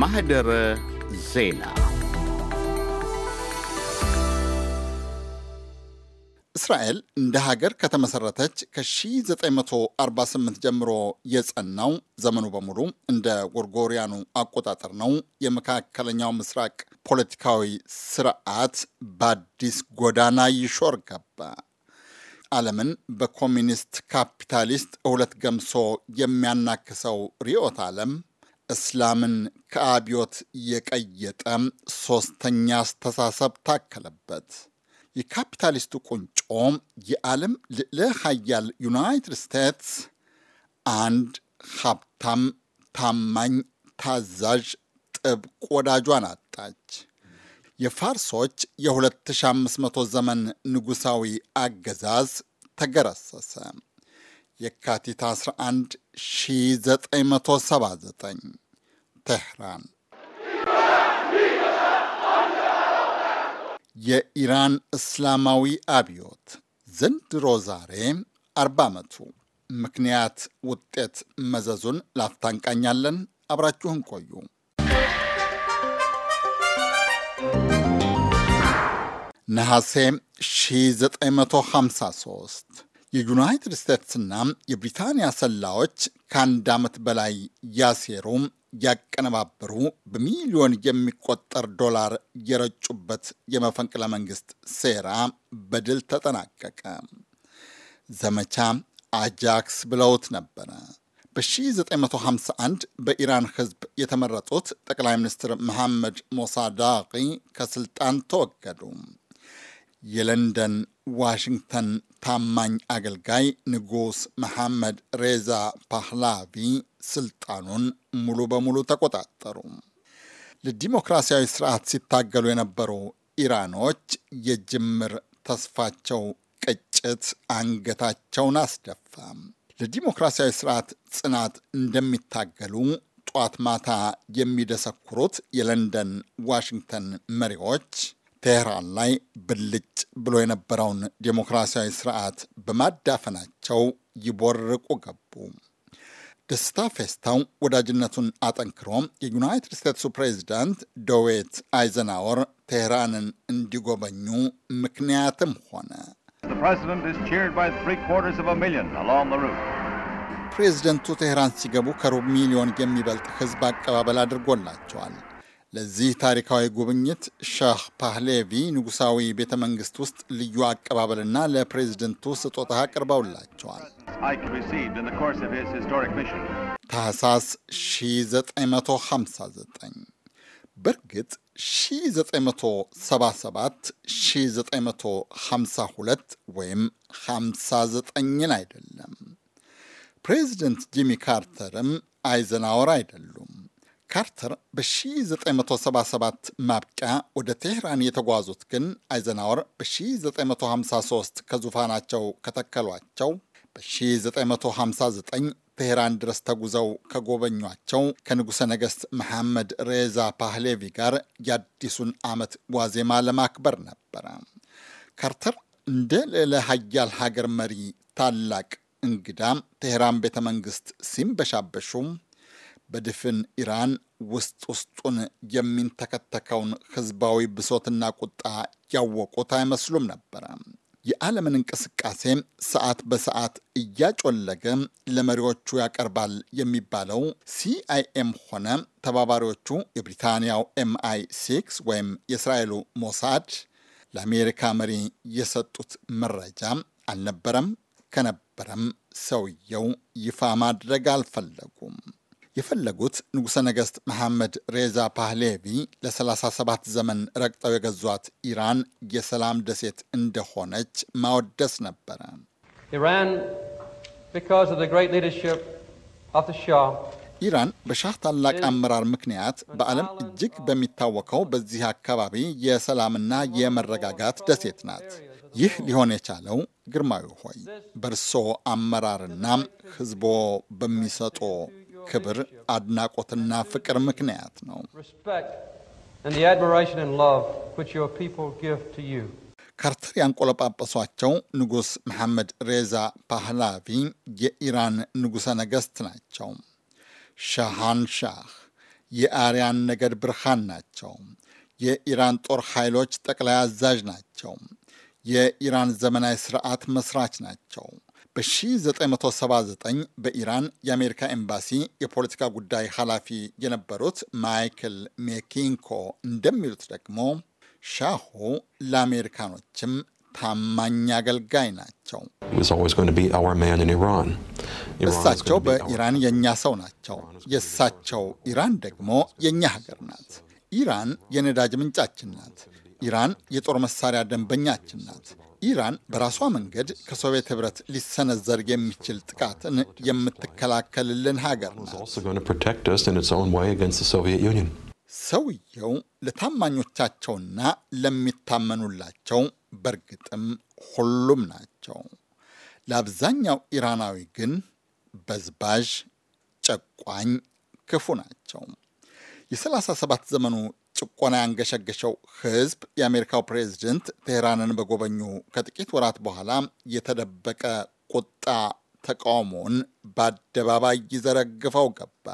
ማህደረ ዜና እስራኤል እንደ ሀገር ከተመሰረተች ከ1948 ጀምሮ የጸናው ዘመኑ በሙሉ እንደ ጎርጎሪያኑ አቆጣጠር ነው። የመካከለኛው ምስራቅ ፖለቲካዊ ስርዓት በአዲስ ጎዳና ይሾር ገባ። ዓለምን በኮሚኒስት ካፒታሊስት ሁለት ገምሶ የሚያናክሰው ርዕዮተ ዓለም እስላምን ከአብዮት የቀየጠ ሶስተኛ አስተሳሰብ ታከለበት። የካፒታሊስቱ ቁንጮ የዓለም ልዕለ ሀያል ዩናይትድ ስቴትስ አንድ ሀብታም፣ ታማኝ፣ ታዛዥ፣ ጥብቅ ወዳጇን አጣች። የፋርሶች የ2500 ዘመን ንጉሳዊ አገዛዝ ተገረሰሰ። የካቲት 11 1979 ቴህራን የኢራን እስላማዊ አብዮት ዘንድሮ ዛሬ አርባ ዓመቱ ምክንያት ውጤት መዘዙን ላፍታንቃኛለን እንቃኛለን። አብራችሁን ቆዩ። ነሐሴ 1953 የዩናይትድ ስቴትስና የብሪታንያ ሰላዎች ከአንድ ዓመት በላይ ያሴሩ ያቀነባበሩ በሚሊዮን የሚቆጠር ዶላር የረጩበት የመፈንቅለ መንግስት ሴራ በድል ተጠናቀቀ። ዘመቻ አጃክስ ብለውት ነበረ። በ1951 በኢራን ህዝብ የተመረጡት ጠቅላይ ሚኒስትር መሐመድ ሞሳዳቂ ከስልጣን ተወገዱ። የለንደን ዋሽንግተን ታማኝ አገልጋይ ንጉስ መሐመድ ሬዛ ፓህላቪ ስልጣኑን ሙሉ በሙሉ ተቆጣጠሩ። ለዲሞክራሲያዊ ስርዓት ሲታገሉ የነበሩ ኢራኖች የጅምር ተስፋቸው ቅጭት አንገታቸውን አስደፋ። ለዲሞክራሲያዊ ስርዓት ጽናት እንደሚታገሉ ጧት ማታ የሚደሰኩሩት የለንደን ዋሽንግተን መሪዎች ቴህራን ላይ ብልጭ ብሎ የነበረውን ዴሞክራሲያዊ ስርዓት በማዳፈናቸው ይቦርቁ ገቡ። ደስታ ፌስታው ወዳጅነቱን አጠንክሮ የዩናይትድ ስቴትሱ ፕሬዚዳንት ዶዌት አይዘናወር ቴህራንን እንዲጎበኙ ምክንያትም ሆነ። ፕሬዚደንቱ ቴህራን ሲገቡ ከሩብ ሚሊዮን የሚበልጥ ህዝብ አቀባበል አድርጎላቸዋል። ለዚህ ታሪካዊ ጉብኝት ሻህ ፓህሌቪ ንጉሳዊ ቤተ መንግስት ውስጥ ልዩ አቀባበልና ለፕሬዝደንቱ ስጦታ አቅርበውላቸዋል። ታህሳስ 1959 በእርግጥ 1977 1952 ወይም 59ን አይደለም። ፕሬዚደንት ጂሚ ካርተርም አይዘናወር አይደሉም። ካርተር በ1977 ማብቂያ ወደ ቴህራን የተጓዙት ግን አይዘናወር በ1953 ከዙፋናቸው ከተከሏቸው በ1959 ቴህራን ድረስ ተጉዘው ከጎበኟቸው ከንጉሠ ነገሥት መሐመድ ሬዛ ፓህሌቪ ጋር የአዲሱን ዓመት ዋዜማ ለማክበር ነበረ። ካርተር እንደ ልዕለ ሀያል ሀገር መሪ ታላቅ እንግዳም ቴህራን ቤተ መንግሥት ሲንበሻበሹም በድፍን ኢራን ውስጥ ውስጡን የሚንተከተከውን ህዝባዊ ብሶትና ቁጣ ያወቁት አይመስሉም ነበረ። የዓለምን እንቅስቃሴ ሰዓት በሰዓት እያጮለገ ለመሪዎቹ ያቀርባል የሚባለው ሲአይኤም ሆነ ተባባሪዎቹ የብሪታንያው ኤምአይ ሲክስ ወይም የእስራኤሉ ሞሳድ ለአሜሪካ መሪ የሰጡት መረጃ አልነበረም። ከነበረም ሰውየው ይፋ ማድረግ አልፈለጉም። የፈለጉት ንጉሠ ነገሥት መሐመድ ሬዛ ፓህሌቪ ለ37 ዘመን ረግጠው የገዟት ኢራን የሰላም ደሴት እንደሆነች ማወደስ ነበረ። ኢራን በሻህ ታላቅ አመራር ምክንያት በዓለም እጅግ በሚታወቀው በዚህ አካባቢ የሰላምና የመረጋጋት ደሴት ናት። ይህ ሊሆን የቻለው ግርማዊ ሆይ በእርሶ አመራርና ሕዝቦ በሚሰጦ ክብር፣ አድናቆትና ፍቅር ምክንያት ነው። ካርተር ያንቆለጳጳሷቸው ንጉሥ መሐመድ ሬዛ ፓህላቪ የኢራን ንጉሠ ነገሥት ናቸው። ሻሃን ሻህ የአርያን ነገድ ብርሃን ናቸው። የኢራን ጦር ኃይሎች ጠቅላይ አዛዥ ናቸው። የኢራን ዘመናዊ ስርዓት መስራች ናቸው። በ1979 በኢራን የአሜሪካ ኤምባሲ የፖለቲካ ጉዳይ ኃላፊ የነበሩት ማይክል ሜኪንኮ እንደሚሉት ደግሞ ሻሁ ለአሜሪካኖችም ታማኝ አገልጋይ ናቸው። እሳቸው በኢራን የእኛ ሰው ናቸው። የእሳቸው ኢራን ደግሞ የእኛ ሀገር ናት። ኢራን የነዳጅ ምንጫችን ናት። ኢራን የጦር መሳሪያ ደንበኛችን ናት። ኢራን በራሷ መንገድ ከሶቪየት ህብረት ሊሰነዘር የሚችል ጥቃትን የምትከላከልልን ሀገር ናት። ሰውየው ለታማኞቻቸውና ለሚታመኑላቸው በእርግጥም ሁሉም ናቸው። ለአብዛኛው ኢራናዊ ግን በዝባዥ፣ ጨቋኝ፣ ክፉ ናቸው። የ37 ዘመኑ ጭቆና ያንገሸገሸው ህዝብ የአሜሪካው ፕሬዚደንት ቴህራንን በጎበኙ ከጥቂት ወራት በኋላ የተደበቀ ቁጣ ተቃውሞን በአደባባይ ይዘረግፈው ገባ።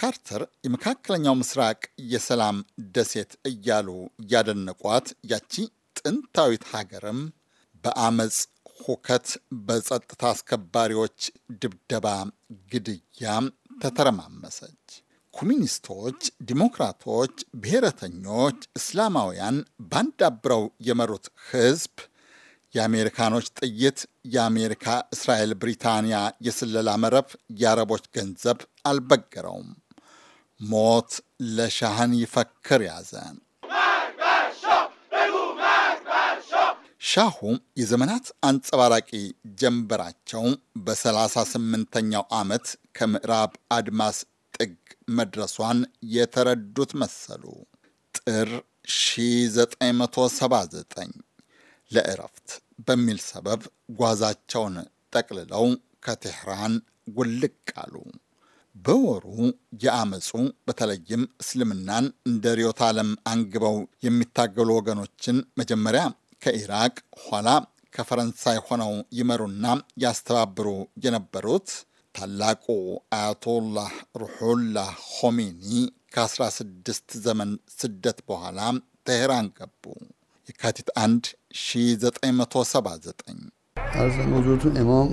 ካርተር የመካከለኛው ምስራቅ የሰላም ደሴት እያሉ ያደነቋት ያቺ ጥንታዊት ሀገርም በአመፅ ሁከት፣ በጸጥታ አስከባሪዎች ድብደባ፣ ግድያ ተተረማመሰች። ኮሚኒስቶች፣ ዲሞክራቶች፣ ብሔረተኞች፣ እስላማውያን ባንድ አብረው የመሩት ህዝብ የአሜሪካኖች ጥይት፣ የአሜሪካ እስራኤል፣ ብሪታንያ የስለላ መረብ፣ የአረቦች ገንዘብ አልበገረውም። ሞት ለሻህን ይፈክር ያዘ። ሻሁ የዘመናት አንጸባራቂ ጀንበራቸው በ38ኛው ዓመት ከምዕራብ አድማስ ጥግ መድረሷን የተረዱት መሰሉ። ጥር 1979 ለእረፍት በሚል ሰበብ ጓዛቸውን ጠቅልለው ከቴህራን ውልቅ አሉ። በወሩ የአመፁ በተለይም እስልምናን እንደ ርዕዮተ ዓለም አንግበው የሚታገሉ ወገኖችን መጀመሪያ ከኢራቅ ኋላ ከፈረንሳይ ሆነው ይመሩና ያስተባብሩ የነበሩት ታላቁ አያቶላህ ሩሑላህ ሆሜኒ ከ16 ዘመን ስደት በኋላ ቴሄራን ገቡ። የካቲት 1 1979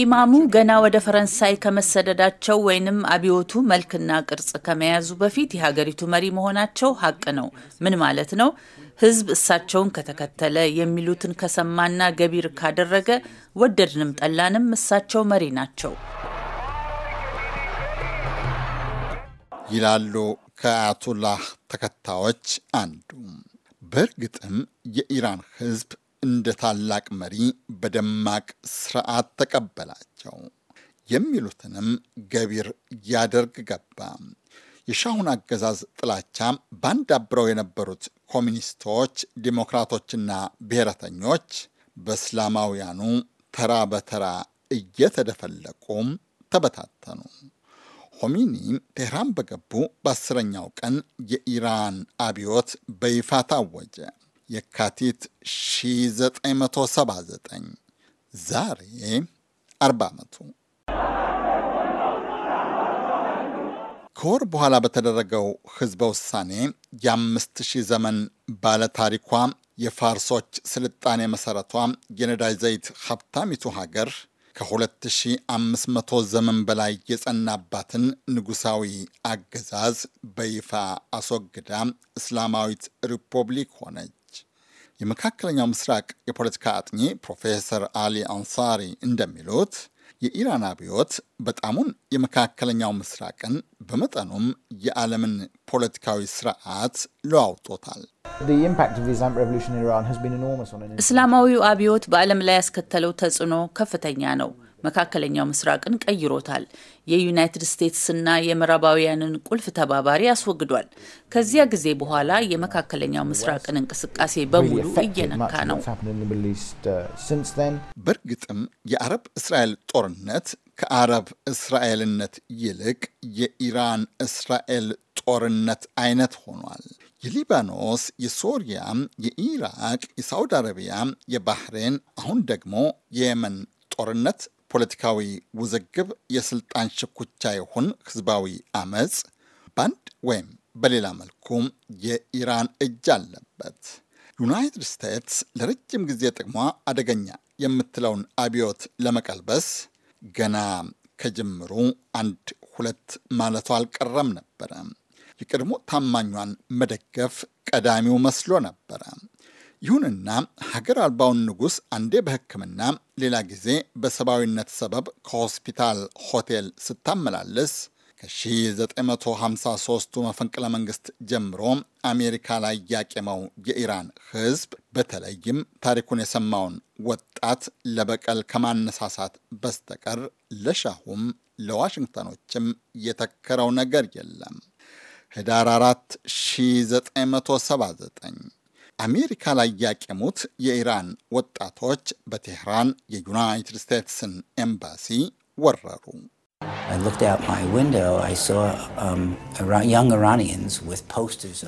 ኢማሙ ገና ወደ ፈረንሳይ ከመሰደዳቸው ወይንም አብዮቱ መልክና ቅርጽ ከመያዙ በፊት የሀገሪቱ መሪ መሆናቸው ሀቅ ነው። ምን ማለት ነው? ህዝብ እሳቸውን ከተከተለ የሚሉትን ከሰማና ገቢር ካደረገ ወደድንም ጠላንም እሳቸው መሪ ናቸው ይላሉ ከአያቱላህ ተከታዮች አንዱ። በእርግጥም የኢራን ህዝብ እንደ ታላቅ መሪ በደማቅ ስርዓት ተቀበላቸው የሚሉትንም ገቢር ያደርግ ገባ። የሻሁን አገዛዝ ጥላቻ ባንድ አብረው የነበሩት ኮሚኒስቶች፣ ዲሞክራቶችና ብሔረተኞች በእስላማውያኑ ተራ በተራ እየተደፈለቁም ተበታተኑ። ሆሚኒ ቴህራን በገቡ በአስረኛው ቀን የኢራን አብዮት በይፋ ታወጀ። የካቲት 1979 ዛሬ 40 ዓመቱ ከወር በኋላ በተደረገው ህዝበ ውሳኔ የአምስት ሺህ ዘመን ባለታሪኳ የፋርሶች ስልጣኔ መሠረቷ የነዳጅ ዘይት ሀብታሚቱ ሀገር ከ2500 ዘመን በላይ የጸናባትን ንጉሳዊ አገዛዝ በይፋ አስወግዳ እስላማዊት ሪፑብሊክ ሆነች። የመካከለኛው ምስራቅ የፖለቲካ አጥኚ ፕሮፌሰር አሊ አንሳሪ እንደሚሉት የኢራን አብዮት በጣሙን የመካከለኛው ምስራቅን በመጠኑም የዓለምን ፖለቲካዊ ስርዓት ለዋውጦታል። እስላማዊው አብዮት በዓለም ላይ ያስከተለው ተጽዕኖ ከፍተኛ ነው። መካከለኛው ምስራቅን ቀይሮታል። የዩናይትድ ስቴትስና የምዕራባውያንን ቁልፍ ተባባሪ አስወግዷል። ከዚያ ጊዜ በኋላ የመካከለኛው ምስራቅን እንቅስቃሴ በሙሉ እየነካ ነው። በእርግጥም የአረብ እስራኤል ጦርነት ከአረብ እስራኤልነት ይልቅ የኢራን እስራኤል ጦርነት አይነት ሆኗል። የሊባኖስ፣ የሶሪያ፣ የኢራቅ፣ የሳውዲ አረቢያ፣ የባህሬን አሁን ደግሞ የየመን ጦርነት ፖለቲካዊ ውዝግብ፣ የስልጣን ሽኩቻ ይሁን ህዝባዊ አመፅ በአንድ ወይም በሌላ መልኩ የኢራን እጅ አለበት። ዩናይትድ ስቴትስ ለረጅም ጊዜ ጥቅሟ አደገኛ የምትለውን አብዮት ለመቀልበስ ገና ከጅምሩ አንድ ሁለት ማለቷ አልቀረም ነበረ። የቀድሞ ታማኟን መደገፍ ቀዳሚው መስሎ ነበረ። ይሁንና ሀገር አልባውን ንጉሥ አንዴ በሕክምና ሌላ ጊዜ በሰብአዊነት ሰበብ ከሆስፒታል ሆቴል ስታመላልስ ከ1953ቱ መፈንቅለ መንግስት ጀምሮ አሜሪካ ላይ ያቄመው የኢራን ህዝብ በተለይም ታሪኩን የሰማውን ወጣት ለበቀል ከማነሳሳት በስተቀር ለሻሁም ለዋሽንግተኖችም የተከረው ነገር የለም። ህዳር 4 1979 አሜሪካ ላይ ያቄሙት የኢራን ወጣቶች በቴህራን የዩናይትድ ስቴትስን ኤምባሲ ወረሩ። um,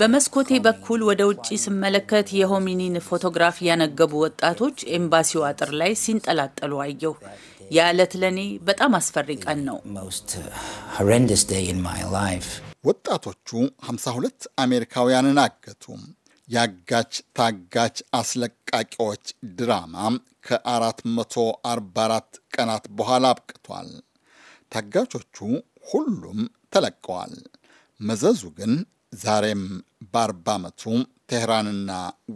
በመስኮቴ በኩል ወደ ውጭ ስመለከት የሆሚኒን ፎቶግራፍ ያነገቡ ወጣቶች ኤምባሲው አጥር ላይ ሲንጠላጠሉ አየሁ። ያ ዕለት ለእኔ በጣም አስፈሪ ቀን ነው። uh, ወጣቶቹ 52 አሜሪካውያንን አገቱ። ያጋች ታጋች አስለቃቂዎች ድራማ ከ444 ቀናት በኋላ አብቅቷል። ታጋቾቹ ሁሉም ተለቀዋል። መዘዙ ግን ዛሬም በአርባ ዓመቱ ቴህራንና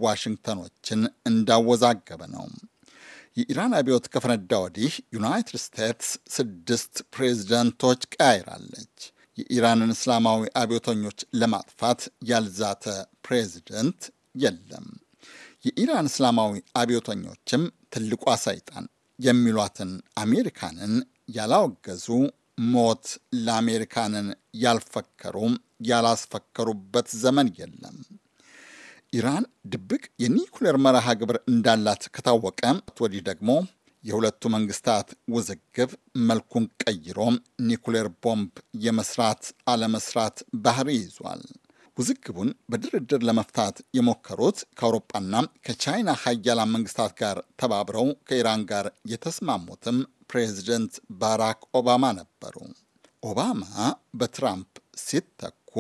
ዋሽንግተኖችን እንዳወዛገበ ነው። የኢራን አብዮት ከፈነዳ ወዲህ ዩናይትድ ስቴትስ ስድስት ፕሬዚደንቶች ቀያይራለች። የኢራንን እስላማዊ አብዮተኞች ለማጥፋት ያልዛተ ፕሬዚደንት የለም። የኢራን እስላማዊ አብዮተኞችም ትልቋ ሰይጣን የሚሏትን አሜሪካንን ያላወገዙ ሞት ለአሜሪካንን ያልፈከሩ ያላስፈከሩበት ዘመን የለም። ኢራን ድብቅ የኒኩሌር መርሃ ግብር እንዳላት ከታወቀ ወዲህ ደግሞ የሁለቱ መንግስታት ውዝግብ መልኩን ቀይሮ ኒኩሌር ቦምብ የመስራት አለመስራት ባህሪ ይዟል። ውዝግቡን በድርድር ለመፍታት የሞከሩት ከአውሮፓና ከቻይና ሀያላን መንግስታት ጋር ተባብረው ከኢራን ጋር የተስማሙትም ፕሬዚደንት ባራክ ኦባማ ነበሩ። ኦባማ በትራምፕ ሲተኩ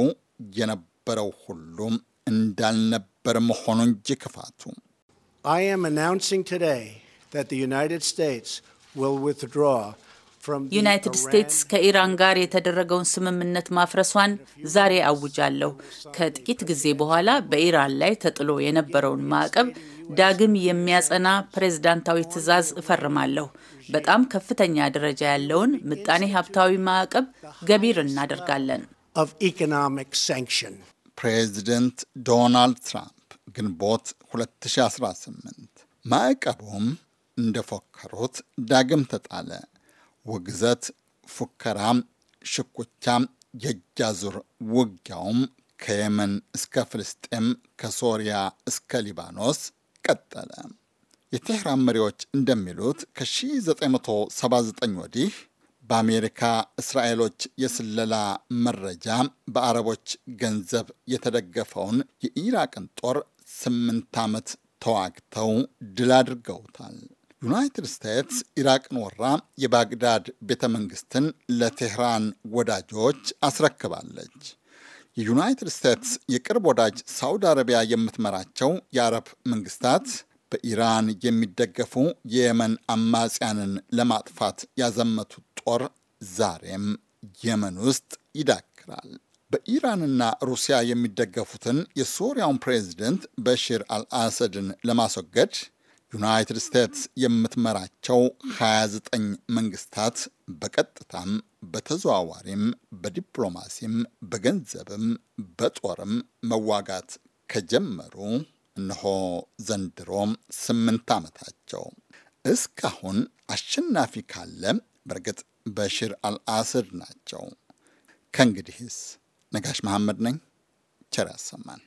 የነበረው ሁሉም እንዳልነበር መሆኑ እንጂ ክፋቱ I am announcing today that the United States will withdraw ዩናይትድ ስቴትስ ከኢራን ጋር የተደረገውን ስምምነት ማፍረሷን ዛሬ አውጃለሁ። ከጥቂት ጊዜ በኋላ በኢራን ላይ ተጥሎ የነበረውን ማዕቀብ ዳግም የሚያጸና ፕሬዝዳንታዊ ትዕዛዝ እፈርማለሁ። በጣም ከፍተኛ ደረጃ ያለውን ምጣኔ ሀብታዊ ማዕቀብ ገቢር እናደርጋለን። ፕሬዚደንት ዶናልድ ትራምፕ ግንቦት 2018 ማዕቀቡም እንደፎከሩት ዳግም ተጣለ። ውግዘት፣ ፉከራም፣ ሽኩቻም፣ የእጃዙር ውጊያውም ከየመን እስከ ፍልስጤም ከሶሪያ እስከ ሊባኖስ ቀጠለ። የቴህራን መሪዎች እንደሚሉት ከ1979 ወዲህ በአሜሪካ እስራኤሎች የስለላ መረጃ በአረቦች ገንዘብ የተደገፈውን የኢራቅን ጦር ስምንት ዓመት ተዋግተው ድል አድርገውታል። ዩናይትድ ስቴትስ ኢራቅን ወራ የባግዳድ ቤተ መንግስትን ለቴህራን ወዳጆች አስረክባለች። የዩናይትድ ስቴትስ የቅርብ ወዳጅ ሳውዲ አረቢያ የምትመራቸው የአረብ መንግስታት በኢራን የሚደገፉ የየመን አማጽያንን ለማጥፋት ያዘመቱት ጦር ዛሬም የመን ውስጥ ይዳክራል። በኢራንና ሩሲያ የሚደገፉትን የሶሪያውን ፕሬዚደንት በሽር አልአሰድን ለማስወገድ ዩናይትድ ስቴትስ የምትመራቸው 29 መንግስታት በቀጥታም በተዘዋዋሪም በዲፕሎማሲም በገንዘብም በጦርም መዋጋት ከጀመሩ እነሆ ዘንድሮም ስምንት ዓመታቸው። እስካሁን አሸናፊ ካለ በእርግጥ በሽር አልአስድ ናቸው። ከእንግዲህስ ነጋሽ መሐመድ ነኝ። ቸር ያሰማን።